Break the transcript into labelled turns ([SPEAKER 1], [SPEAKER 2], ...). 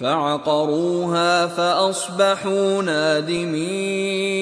[SPEAKER 1] فعقروها فأصبحوا نادمين